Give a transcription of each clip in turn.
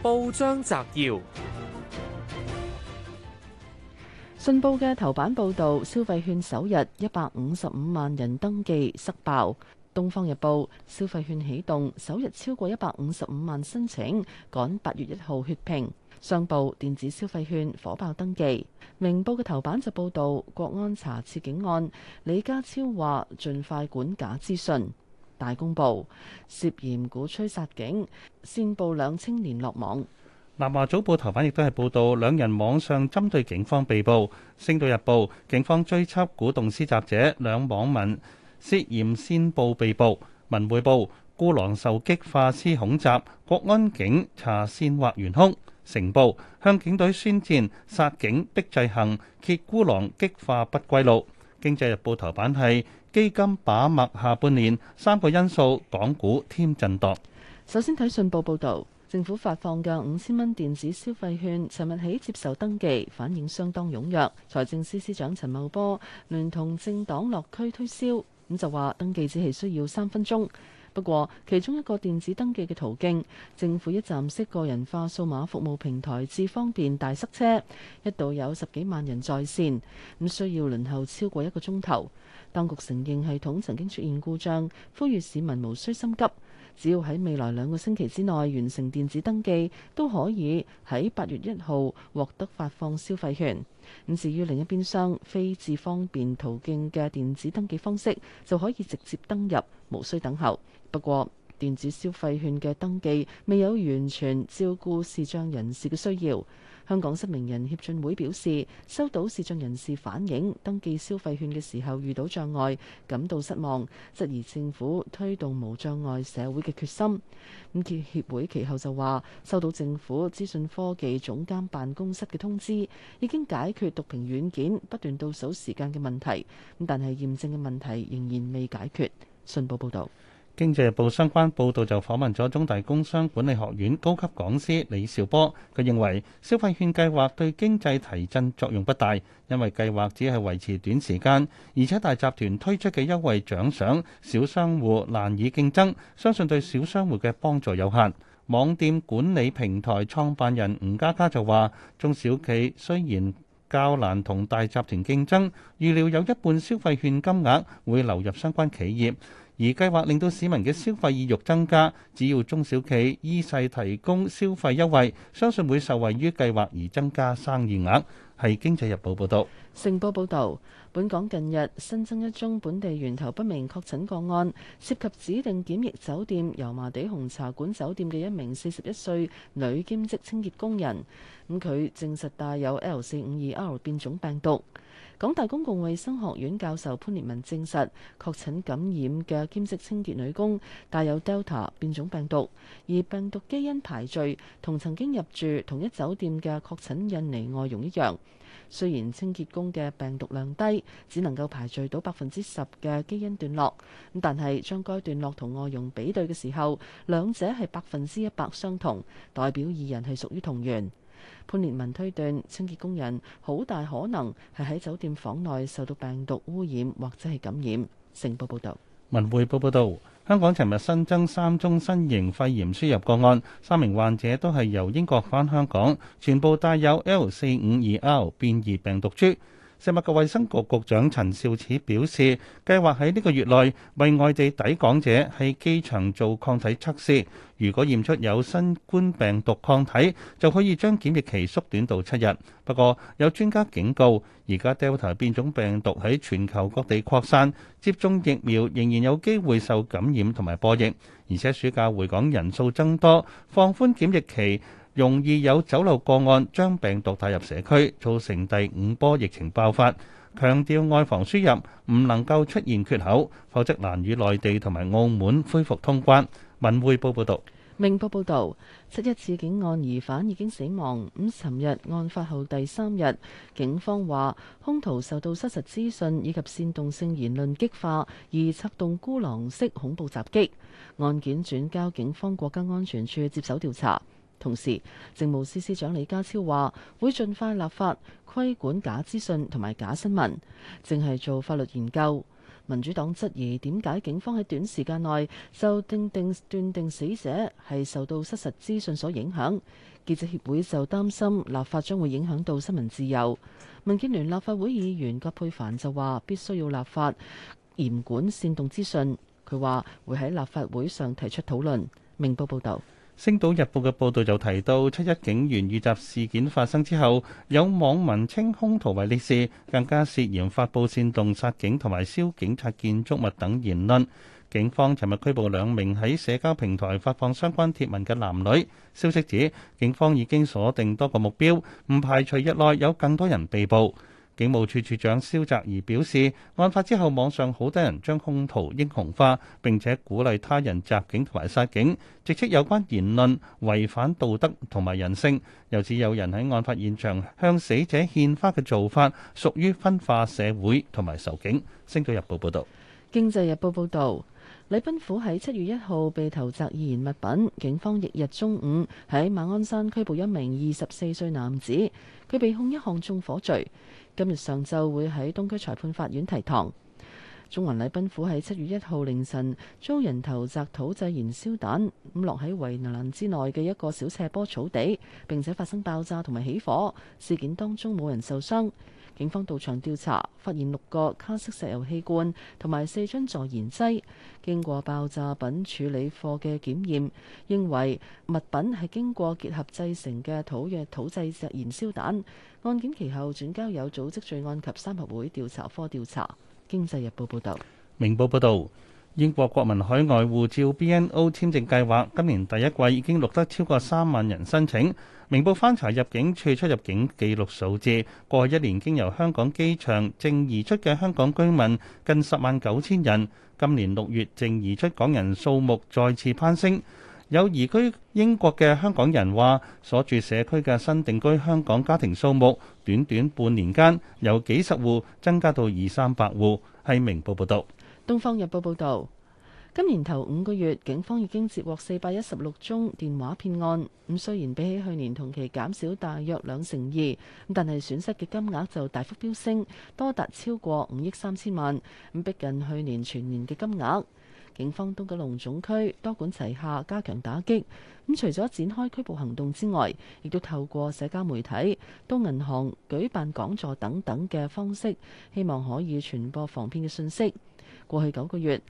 報章摘要：《信報》嘅頭版報道消費券首日一百五十五萬人登記塞爆，《東方日報》消費券啟動首日超過一百五十五萬申請，趕八月一號血拼，《商報》電子消費券火爆登記，《明報》嘅頭版就報道國安查涉警案，李家超話盡快管假資訊。大公報涉嫌鼓吹殺警，線報兩青年落網。南華早報頭版亦都係報道兩人網上針對警方被捕。星島日報警方追緝鼓動施襲者，兩網民涉嫌先報被捕。文匯報孤狼受激化施恐襲，國安警查線或懸紅。成報向警隊宣戰，殺警逼制行，揭孤狼激化不歸路。《經濟日報》頭版係基金把脈下半年三個因素，港股添震度。首先睇信報報導，政府發放嘅五千蚊電子消費券，尋日起接受登記，反應相當踴躍。財政司司長陳茂波聯同政黨落區推銷，咁就話登記只係需要三分鐘。不過，其中一個電子登記嘅途徑，政府一站式個人化數碼服務平台，智方便大塞車，一度有十幾萬人在線，咁需要輪候超過一個鐘頭。當局承認系統曾經出現故障，呼籲市民無需心急，只要喺未來兩個星期之內完成電子登記，都可以喺八月一號獲得發放消費券。咁至於另一邊廂，非至方便途徑嘅電子登記方式，就可以直接登入，無需等候。不過，電子消費券嘅登記未有完全照顧視障人士嘅需要。香港失明人協進會表示，收到視障人士反映，登記消費券嘅時候遇到障礙，感到失望，質疑政府推動無障礙社會嘅決心。咁，協會其後就話收到政府資訊科技總監辦公室嘅通知，已經解決讀屏軟件不斷倒數時間嘅問題，但係驗證嘅問題仍然未解決。信報報道。《經濟日報》相關報導就訪問咗中大工商管理學院高級講師李兆波，佢認為消費券計劃對經濟提振作用不大，因為計劃只係維持短時間，而且大集團推出嘅優惠獎賞，小商戶難以競爭，相信對小商戶嘅幫助有限。網店管理平台創辦人吳家家就話：中小企雖然較難同大集團競爭，預料有一半消費券金額會流入相關企業。而計劃令到市民嘅消費意欲增加，只要中小企依勢提供消費優惠，相信會受惠於計劃而增加生意額。係經濟日報報導。成報報導，本港近日新增一宗本地源頭不明確診個案，涉及指定檢疫酒店油麻地紅茶館酒店嘅一名四十一歲女兼職清潔工人。咁佢證實帶有 L 四五二 R 變種病毒。港大公共衛生學院教授潘烈文證實，確診感染嘅兼職清潔女工帶有 Delta 變種病毒，而病毒基因排序同曾經入住同一酒店嘅確診印尼外傭一樣。雖然清潔工嘅病毒量低，只能夠排序到百分之十嘅基因段落，咁但係將該段落同外傭比對嘅時候，兩者係百分之一百相同，代表二人係屬於同源。潘連文推斷，清潔工人好大可能係喺酒店房內受到病毒污染或者係感染。成報報道，文匯報報道，香港尋日新增三宗新型肺炎輸入個案，三名患者都係由英國返香港，全部帶有 L 四五二 L 變異病毒株。食物及衛生局局長陳肇始表示，計劃喺呢個月內為外地抵港者喺機場做抗體測試，如果驗出有新冠病毒抗體，就可以將檢疫期縮短到七日。不過，有專家警告，而家 Delta 變種病毒喺全球各地擴散，接種疫苗仍然有機會受感染同埋播疫，而且暑假回港人數增多，放寬檢疫期，容易有走漏個案，將病毒帶入社區，造成第五波疫情爆發。強調外防輸入，唔能夠出現缺口，否則難與內地同埋澳門恢復通關。文匯報報道。明報報道，七一次警案疑犯已經死亡。咁，尋日案發後第三日，警方話兇徒受到失實資訊以及煽動性言論激化，而策動孤狼式恐怖襲擊。案件轉交警方國家安全處接手調查。同時，政務司司長李家超話會盡快立法規管假資訊同埋假新聞，淨係做法律研究。民主黨質疑點解警方喺短時間內就定定斷定死者係受到失實資訊所影響。記者協會就擔心立法將會影響到新聞自由。民建聯立法會議員葛珮帆就話必須要立法嚴管煽動資訊。佢話會喺立法會上提出討論。明報報道。《星島日報》嘅報導就提到，七一警員遇襲事件發生之後，有網民稱兇徒為烈士，更加涉嫌發布煽動殺警同埋燒警察建築物等言論。警方尋日拘捕兩名喺社交平台發放相關貼文嘅男女。消息指，警方已經鎖定多個目標，唔排除日內有更多人被捕。警務處處長蕭澤頤表示，案發之後網上好多人將兇徒英雄化，並且鼓勵他人襲警同埋殺警，直斥有關言論違反道德同埋人性。又指有人喺案發現場向死者獻花嘅做法，屬於分化社會同埋仇警。星島日報報道，經濟日報報道，禮賓府喺七月一號被投擲易燃物品，警方翌日中午喺馬鞍山拘捕一名二十四歲男子，佢被控一項縱火罪。今日上晝會喺東區裁判法院提堂。中環禮賓府喺七月一號凌晨遭人投擲土製燃燒彈，咁落喺圍欄之內嘅一個小斜坡草地，並且發生爆炸同埋起火事件，當中冇人受傷。警方到場調查，發現六個卡式石油氣罐同埋四樽助燃劑。經過爆炸品處理課嘅檢驗，認為物品係經過結合製成嘅土約土製石燃燒彈。案件其後轉交有組織罪案及三合會調查科調查。經濟日報報導，明報報導，英國國民海外護照 BNO 簽證計劃今年第一季已經錄得超過三萬人申請。明報翻查入境處出入境記錄數字，過去一年經由香港機場正移出嘅香港居民近十萬九千人，今年六月正移出港人數目再次攀升。有移居英國嘅香港人話，所住社區嘅新定居香港家庭數目，短短半年間由幾十戶增加到二三百戶。係明報報道，東方日報報道，今年頭五個月，警方已經接獲四百一十六宗電話騙案。咁雖然比起去年同期減少大約兩成二，但係損失嘅金額就大幅飆升，多達超過五億三千萬，咁逼近去年全年嘅金額。警方東九龍總區多管齊下加強打擊，咁除咗展開拘捕行動之外，亦都透過社交媒體、到銀行舉辦講座等等嘅方式，希望可以傳播防騙嘅信息。過去九個月，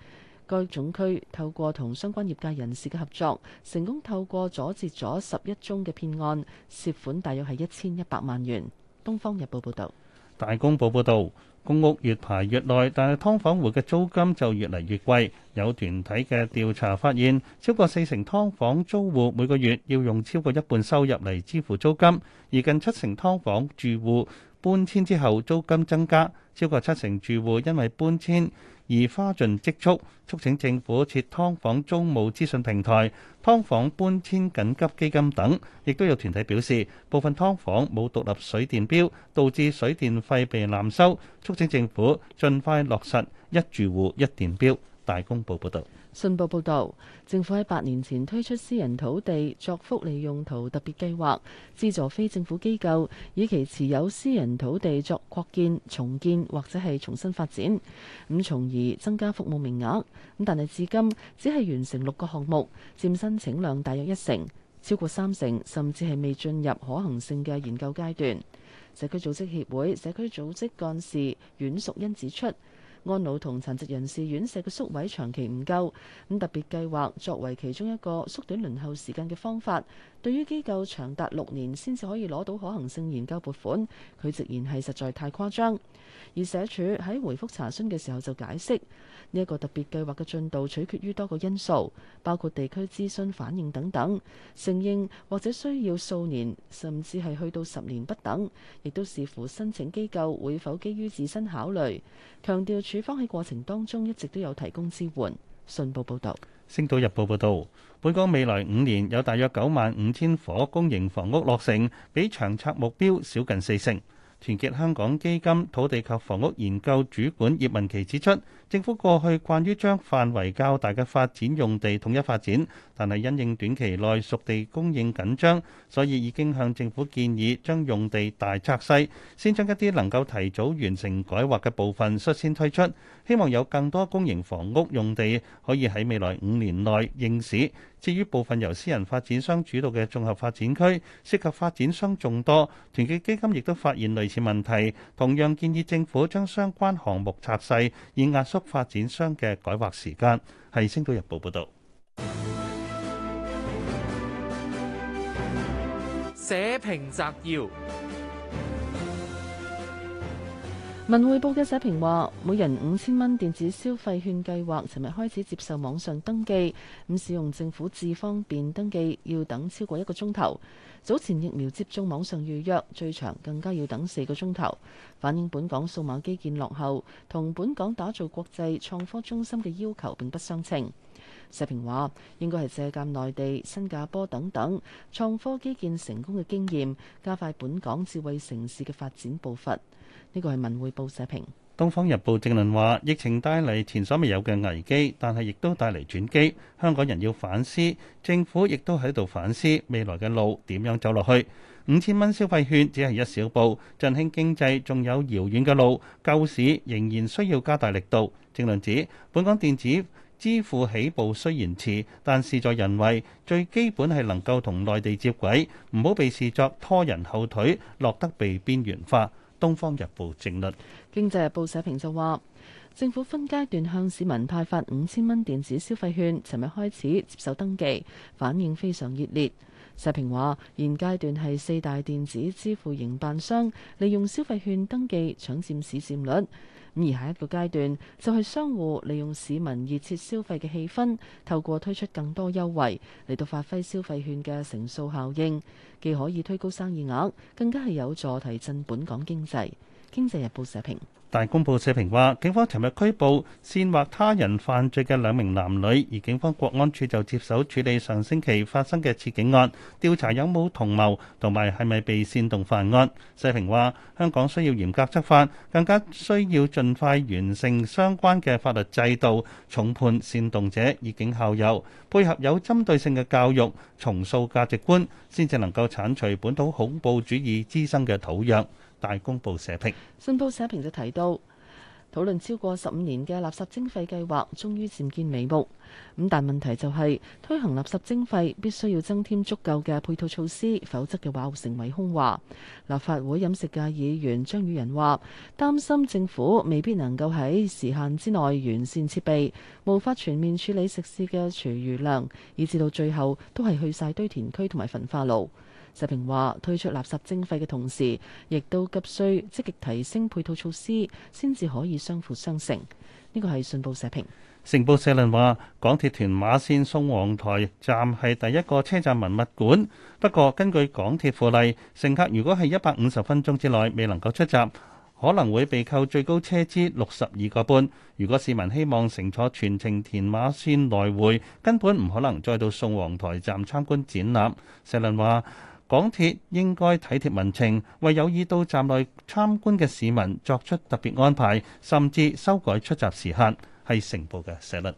該總區透過同相關業界人士嘅合作，成功透過阻截咗十一宗嘅騙案，涉款大約係一千一百萬元。《東方日報》報道。《大公報》報道。公屋越排越耐，但係劏房戶嘅租金就越嚟越貴。有團體嘅調查發現，超過四成劏房租戶每個月要用超過一半收入嚟支付租金，而近七成劏房住戶搬遷之後租金增加，超過七成住戶因為搬遷，而花盡積蓄，促請政府設㓥房租務資訊平台、㓥房搬遷緊急基金等，亦都有團體表示，部分㓥房冇獨立水電表，導致水電費被濫收，促請政府盡快落實一住戶一電表。大公報報導，信報報導，政府喺八年前推出私人土地作福利用途特別計劃，資助非政府機構，以其持有私人土地作擴建、重建或者係重新發展，咁從而增加服務名額。咁但係至今只係完成六個項目，佔申請量大約一成，超過三成，甚至係未進入可行性嘅研究階段。社區組織協會、社區組織幹事阮淑欣指出。安老同殘疾人士院舍嘅宿位長期唔夠，咁特別計劃作為其中一個縮短輪候時間嘅方法，對於機構長達六年先至可以攞到可行性研究撥款，佢直言係實在太誇張。而社署喺回覆查詢嘅時候就解釋，呢一個特別計劃嘅進度取決於多個因素，包括地區諮詢反應等等，承認或者需要數年，甚至係去到十年不等，亦都視乎申請機構會否基於自身考慮，強調。署方喺過程當中一直都有提供支援。信報報道。《星島日報》報道，本港未來五年有大約九萬五千伙公營房屋落成，比長策目標少近四成。團結香港基金土地及房屋研究主管葉文琪指出，政府過去慣於將範圍較大嘅發展用地統一發展，但係因應短期內熟地供應緊張，所以已經向政府建議將用地大拆細，先將一啲能夠提早完成改劃嘅部分率先推出，希望有更多公營房屋用地可以喺未來五年內應市。至於部分由私人發展商主導嘅綜合發展區，涉及發展商眾多，團結基金亦都發現類似問題，同樣建議政府將相關項目拆細，以壓縮發展商嘅改劃時間。係《星島日報》報導。社評摘要。文匯報嘅社評話，每人五千蚊電子消費券計劃，尋日開始接受網上登記。唔使用政府智方便登記，要等超過一個鐘頭。早前疫苗接種網上預約，最長更加要等四個鐘頭。反映本港數碼基建落後，同本港打造國際創科中心嘅要求並不相稱。社評話，應該係借鑒內地、新加坡等等創科基建成功嘅經驗，加快本港智慧城市嘅發展步伐。呢個係文匯報社評，《東方日報》正論話：疫情帶嚟前所未有嘅危機，但係亦都帶嚟轉機。香港人要反思，政府亦都喺度反思未來嘅路點樣走落去。五千蚊消費券只係一小步，振興經濟仲有遙遠嘅路，救市仍然需要加大力度。正論指，本港電子支付起步雖然遲，但事在人為，最基本係能夠同內地接軌，唔好被視作拖人後腿，落得被邊緣化。《東方日報》政論，《經濟日報》社評就話：政府分階段向市民派發五千蚊電子消費券，尋日開始接受登記，反應非常熱烈。社評話：現階段係四大電子支付營辦商利用消費券登記搶佔市佔率。而下一個階段就係、是、商戶利用市民熱切消費嘅氣氛，透過推出更多優惠嚟到發揮消費券嘅乘數效應，既可以推高生意額，更加係有助提振本港經濟。經濟日報社評。大公報社評話警方尋日拘捕煽惑他人犯罪嘅兩名男女，而警方國安處就接手處理上星期發生嘅刺警案，調查有冇同謀同埋係咪被煽動犯案。社評話香港需要嚴格執法，更加需要盡快完成相關嘅法律制度，重判煽動者以儆效尤，配合有針對性嘅教育，重塑價值觀先至能夠鏟除本土恐怖主義滋生嘅土壤。大公報社評，新報社評就提到，討論超過十五年嘅垃圾徵費計劃，終於漸見眉目。咁但問題就係、是、推行垃圾徵費必須要增添足夠嘅配套措施，否則嘅話會成為空話。立法會飲食界議員張宇人話，擔心政府未必能夠喺時限之內完善設備，無法全面處理食肆嘅廚餘量，以至到最後都係去晒堆填區同埋焚化爐。石平話：推出垃圾徵費嘅同時，亦都急需積極提升配套措施，先至可以相輔相成。呢個係信報社評。成報社論話：港鐵屯馬線宋皇臺站係第一個車站文物館。不過，根據港鐵附例，乘客如果係一百五十分鐘之內未能夠出閘，可能會被扣最高車資六十二個半。如果市民希望乘坐全程屯馬線來回，根本唔可能再到宋皇臺站參觀展覽。社論話。港鐵應該體貼民情，為有意到站內參觀嘅市民作出特別安排，甚至修改出閘時限，係成報嘅社論。